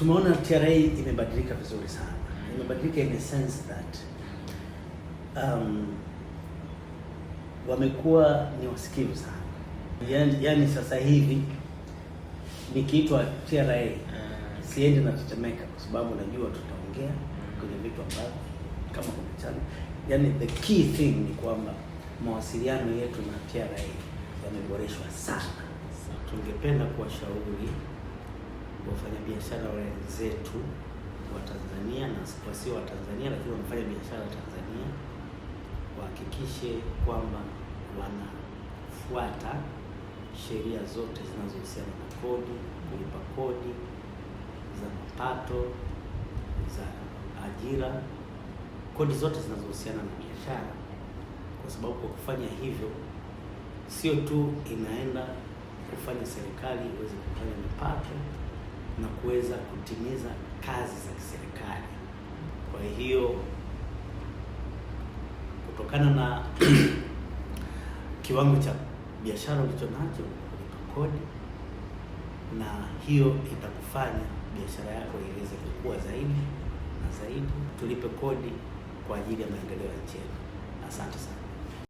tumeona TRA imebadilika vizuri sana, imebadilika in a sense that um, wamekuwa ni wasikivu sana yani, yani sasa hivi nikiitwa TRA ah. siendi na kwa sababu najua tutaongea kwenye vitu ambavyo kama kumechana. Yani the key thing ni kwamba mawasiliano yetu na TRA yameboreshwa sana. Tungependa kuwashauri wafanyabiashara wenzetu wa Tanzania na wasio wa Tanzania lakini wanafanya biashara Tanzania wahakikishe kwamba wanafuata sheria zote zinazohusiana na kodi, kulipa kodi za mapato, za ajira, kodi zote zinazohusiana na biashara, kwa sababu kwa kufanya hivyo sio tu inaenda kufanya serikali iweze kufanya mapato na kuweza kutimiza kazi za kiserikali. Kwa hiyo kutokana na kiwango cha biashara ulicho nacho kulipa kodi, na hiyo itakufanya biashara yako iweze kukua zaidi na zaidi. Tulipe kodi kwa ajili ya maendeleo ya nchi yetu. Asante sana.